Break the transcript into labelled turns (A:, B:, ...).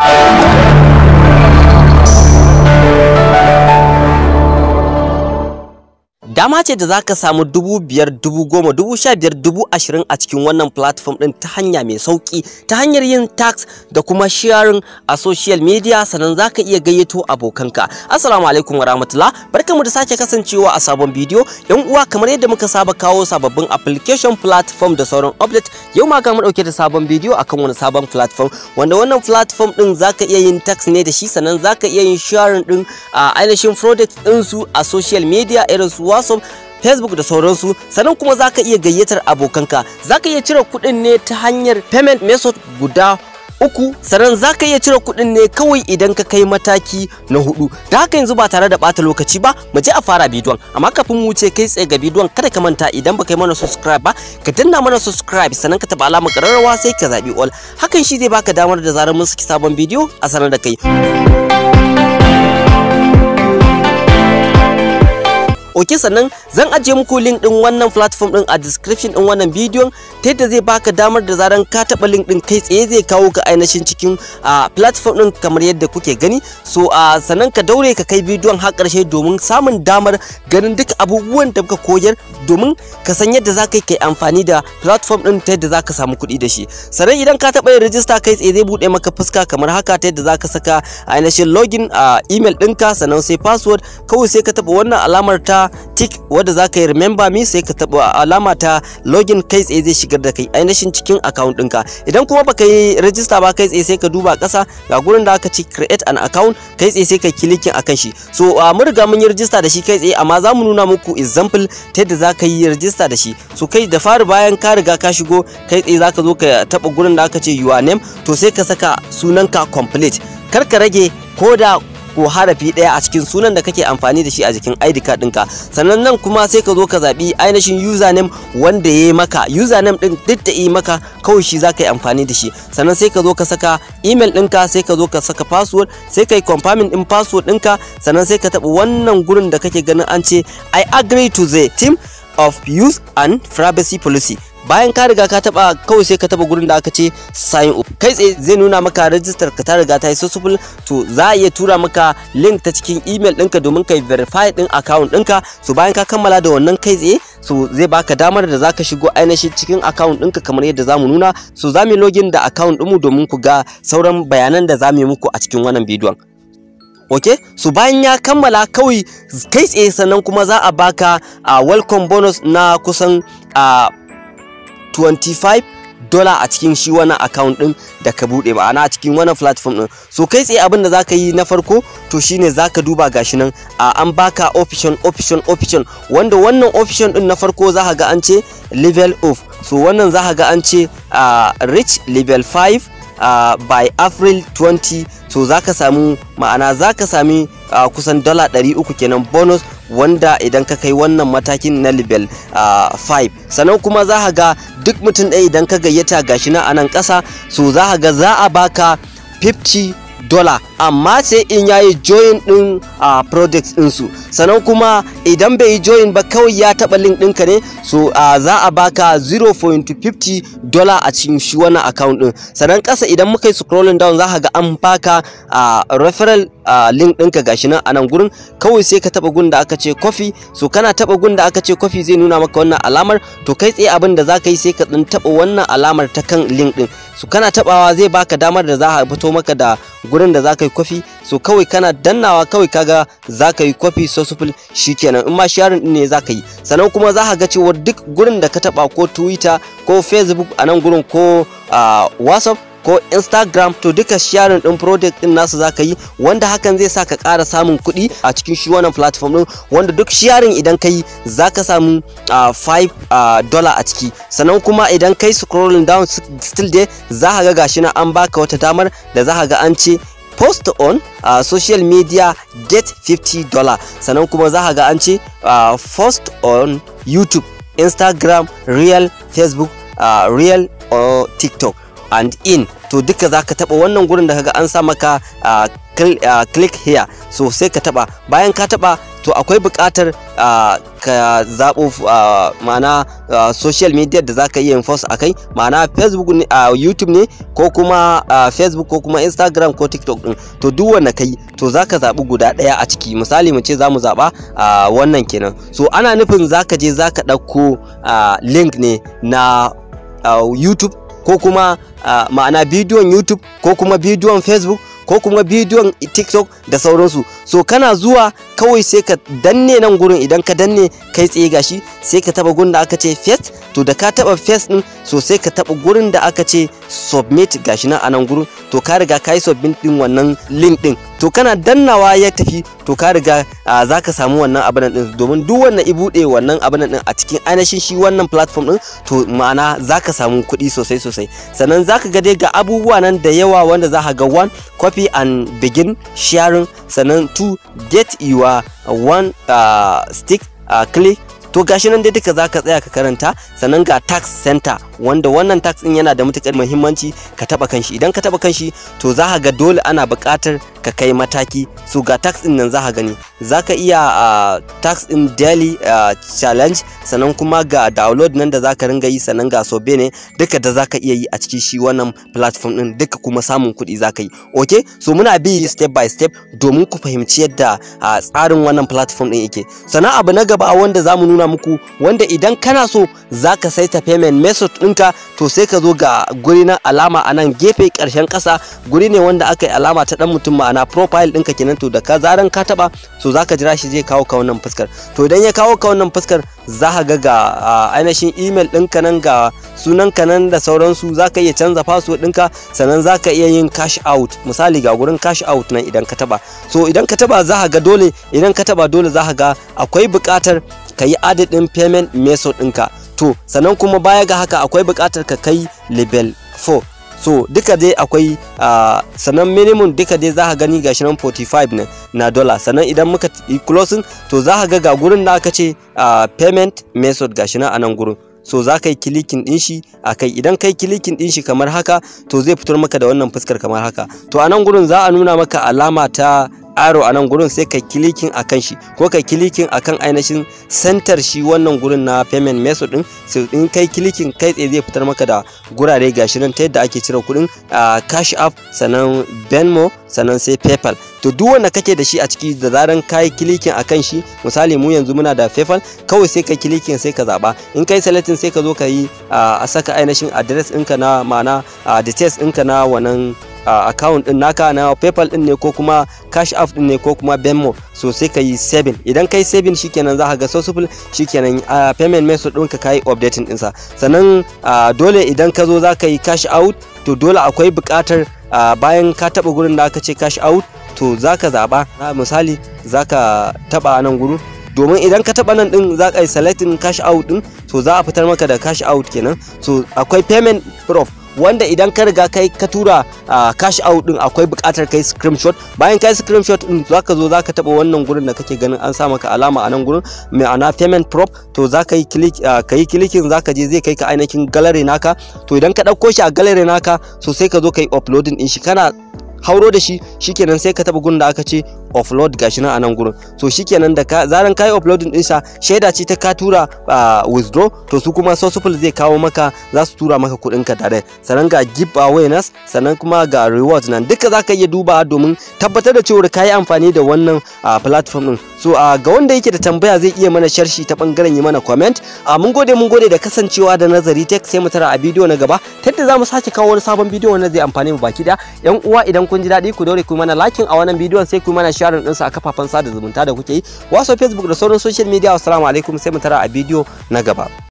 A: you dama ce da zaka samu dubu biyar dubu goma dubu sha biyar dubu ashirin a cikin wannan platform din ta hanya mai sauki ta hanyar yin tax da kuma sharing a social media sannan zaka iya gayyato abokanka assalamu alaikum warahmatullah barkamu da sake kasancewa a sabon bidiyo yan uwa kamar yadda muka saba kawo sababbin application platform da sauran update yau ma ga mu dauke da sabon bidiyo akan wani sabon platform wanda wannan platform din zaka iya yin tax ne da shi sannan zaka iya yin sharing din ainihin product din su a social media irin su whatsapp facebook da sauransu sannan kuma zaka iya gayyatar abokanka zaka iya cire kuɗin ne ta hanyar payment method guda uku sannan za iya cire kuɗin ne kawai idan ka kai mataki na hudu da haka yanzu ba tare da bata lokaci ba mu je a fara bidiyon amma kafin mu wuce kai tsaye ga bidiyon kada ka manta idan baka yi mana subscribe ba ka danna mana subscribe sannan ka taba alamar ƙararrawa sai ka zaɓi all hakan shi zai baka damar da zarar mun saki sabon bidiyo a sanar da kai. oke sannan zan ajiye muku link din wannan platform din a description din wannan bidiyon ta yadda zai baka damar da zaran ka taba link din kai tsaye zai kawo ka ainihin cikin platform din kamar yadda kuke gani so sannan ka daure ka kai bidiyon har karshe domin samun damar ganin duk abubuwan da muka koyar domin ka san yadda za ka yi amfani da platform din ta yadda za ka samu kuɗi da shi sannan idan ka taba yin rijista kai tsaye zai buɗe maka fuska kamar haka ta yadda za ka saka ainihin login a email ɗinka sannan sai password kawai sai ka taba wannan alamar ta tick wadda za ka yi remember me sai ka taba alama ta login kai tsaye zai shigar da kai ainihin cikin account ɗinka idan kuma baka yi register ba kai tsaye sai ka duba ƙasa ga gurin da aka ci create an account kai tsaye sai ka kilikin akan shi so a ah, mun riga mun yi register da shi kai tsaye amma za mu nuna muku example ta yadda za ka yi register da shi so kai da fari bayan ka riga ka shigo kai tsaye za ka zo ka taba gurin da aka ce your name to sai ka saka sunanka complete kar ka rage koda. ko harafi ɗaya a cikin sunan da kake amfani da shi a jikin ID card ɗinka sannan nan kuma sai ka zo ka zaɓi ainihin username wanda ya yi maka username ɗin duk da yi maka kawai shi za ka yi amfani da shi sannan sai ka zo ka saka email ɗinka sai ka zo ka saka password sai ka yi confirming ɗin password ɗinka sannan sai ka taɓa wannan gurin da kake ganin an ce I agree to the team of use and privacy policy bayan ka riga ka taba kawai sai ka taba gurin da aka ce sign up kai tsaye zai nuna maka rajistar ka ta riga ta yi successful to za a iya tura maka link ta cikin email ɗinka domin kai verify ɗin account ɗinka so bayan ka kammala da wannan kai tsaye so zai baka damar da zaka shigo ainihin cikin account ɗinka kamar yadda zamu nuna so za mu login da account ɗinmu domin ku ga sauran bayanan da za mu yi muku a cikin wannan bidiyon ok so bayan ya kammala kawai kai tsaye sannan kuma za a baka a uh, welcome bonus na kusan a uh, 25 dola a cikin shi wani account din da ka bude ma'ana a cikin wani platform din so kai tsaye abin da zaka yi na farko to shine zaka duba gashi nan a an baka option option option wanda wannan option din na farko zaka ga an ce level of so wannan zaka ga an ce rich level 5 uh, by april 20 so zaka samu ma'ana zaka sami uh, kusan dala 300 kenan bonus wanda idan ka kai wannan matakin na level 5 sannan kuma za ga duk mutum ɗaya idan ka gayyata gashi na anan ƙasa so za ga za a baka 50 dollar amma sai in ya yi join din a projects ɗinsu sannan kuma idan bai yi join ba kawai ya taɓa link ɗinka ne so za a baka 0.50 dollar a cikin shi wannan account ɗin sannan ƙasa idan muka yi scrolling down za ka ga an baka referral link ɗinka gashi nan a nan gurin kawai sai ka taɓa gun da aka ce coffee so kana taɓa gun da aka ce coffee zai nuna maka wannan alamar to kai tsaye abin da za ka yi sai ka ɗan taɓa wannan alamar ta kan link ɗin so kana taɓawa zai baka damar da za a fito maka da gurin da za ka kai so kawai kana dannawa kawai kaga za ka yi kwafi so sufil shikenan in ma sharing ne za ka yi sannan kuma za ka ga cewa duk gurin da ka taba ko twitter ko facebook a nan gurin ko whatsapp ko instagram to duka sharing din project din nasu zaka yi wanda hakan zai sa ka kara samun kuɗi a cikin shi wannan platform din wanda duk sharing idan kai ka samu 5 a ciki sannan kuma idan kai scrolling down still dai za ka ga gashi na an baka wata damar da za ka ga an ce post on uh, social media get 50 dollar sannan kuma za ga an ce uh, post on youtube instagram real facebook uh, real or tiktok and in to duka za ka taba wannan gurin da kaga an sa maka uh, uh, click here so sai ka taba bayan ka taba to akwai bukatar. ka zaɓo ma'ana social media da za ka yi enforce a kai ma'ana facebook ne a youtube ne ko kuma facebook ko kuma instagram ko tiktok ɗin to duk wanda kai to za ka zaɓi guda ɗaya a ciki misali mu ce za mu zaɓa wannan kenan so ana nufin za ka je za ka ɗauko link ne na youtube ko kuma ma'ana bidiyon youtube ko kuma bidiyon facebook ko kuma bidiyon tiktok da sauransu so kana zuwa kawai sai ka danne nan gurin idan ka danne kai tsaye gashi sai ka taba gurin da aka ce first, to da ka taba first din so sai ka taba gurin da aka ce submit gashi nan a nan gurin to ka riga ka submit din wannan link din to kana dannawa ya tafi to ka riga za ka samu wannan abin din domin duk wannan wannan abin din a cikin ainihin shi wannan platform din to ma'ana za ka samu kuɗi sosai sosai sannan za ka ga dai ga abubuwa nan da yawa wanda za ka ga one copy and begin sharing sannan to get your one uh, stick uh, click to gashi nan dai duka za tsaya ka karanta sannan ga tax center wanda wannan tax din yana da matukar muhimmanci ka taba kanshi idan ka taba kanshi to za ka ga dole ana buƙatar ka kai mataki so ga tax din nan za gani zaka iya uh, tax in daily uh, challenge sannan kuma ga download nan da zaka ringa yi sanan ga sobe ne duka da zaka iya yi a cikin shi wannan platform din duka kuma samun kuɗi za yi Okay, so muna bi step by step domin ku fahimci yadda tsarin wannan platform din yake sanan abu na gaba wanda zamu nuna muku wanda idan kana so zaka ka saita payment method dinka, to sai ka zo ga guri na alama a nan gefe ƙarshen ƙasa guri ne wanda aka yi alama ta ɗan mutum ma'ana ma'ana profile ɗinka kenan to da ka zaran ka taba so zaka jira shi zai kawo ka wannan fuskar to idan ya kawo ka wannan fuskar za ka ga ga ainihin email ɗinka nan ga sunan ka nan da sauransu za ka iya canza password ɗinka sannan za ka iya yin cash out misali ga gurin cash out nan idan ka taba so idan ka taba za ka ga dole idan ka taba dole za ka ga akwai buƙatar ka yi adadin payment method ɗinka to sannan kuma baya ga haka akwai buƙatar ka kai level 4 so duka dai akwai a sannan minimum duka dai za ka gani gashi nan 45 ne na dollar sannan idan muka yi closing to za ka ga ga gurin da aka ce payment method gashi nan a nan gurin so za ka yi kilikin din shi a kai idan kai kilikin din shi kamar haka to zai fitar maka da wannan fuskar kamar haka to a nan gurin za a nuna maka alama ta aro a nan gurin sai ka kilikin a kan shi ko ka kilikin a kan ainihin santar shi wannan gurin na payment method din sai in kai kilikin kai tsaye zai fitar maka da gurare gashi nan ta yadda ake cire kuɗin a cash app sannan venmo sannan sai paypal to duk wanda kake da shi a ciki da zaran kai kilikin akan shi misali mu yanzu muna da paypal kawai sai ka kilikin sai ka zaba in kai selecting sai ka zo ka yi a saka ainihin address ɗinka na ma'ana details ɗinka na wannan account din naka na PayPal din ne ko kuma Cash App din ne ko kuma Venmo so sai ka yi saving idan kai saving shikenan za ka ga Sosupul shikenan payment method din ka yi updating ɗinsa sannan dole idan ka zo za ka yi cash out to dole akwai buƙatar bayan ka taɓa gurin da aka ce cash out to za ka zaɓa misali za ka taɓa nan gurin domin idan ka taba nan din za ka yi selecting cash out din to za a fitar maka da cash out kenan so akwai payment proof wanda idan ka riga kai ka tura cash out din akwai buƙatar kai screenshot bayan kai screenshot din zaka zo zaka taba wannan gurin da kake ganin an sa maka alama a nan gurin mai ana payment prop to zaka yi click kai clicking zaka je zai kai ka ainihin gallery naka to idan ka dauko shi a gallery naka so sai ka zo kai uploading din shi kana hauro da shi shikenan sai ka taba gun da aka ce offload gashi nan a nan gurin so shikenan da ka zaran kai offloading din sa shaida ce ta ka tura withdraw to su kuma sosupul zai kawo maka za su tura maka kuɗin ka tare sannan ga giveaway nas sannan kuma ga rewards nan duka zaka iya duba domin tabbatar da cewa ka amfani da wannan platform din so a uh, ga wanda yake da tambaya zai iya mana sharshi ta bangaren yi mana comment a uh, mun gode mun gode da kasancewa da nazari tech sai mu tara a bidiyo na gaba ta yadda za mu sake kawo wani sabon bidiyo wanda zai amfani mu baki da yan uwa idan kun ji daɗi ku daure ku mana liking a wannan bidiyon sai ku mana sharing ɗinsa a kafafen sada zumunta da kuke yi waso facebook da sauran social media assalamu alaikum sai mu tara a bidiyo na gaba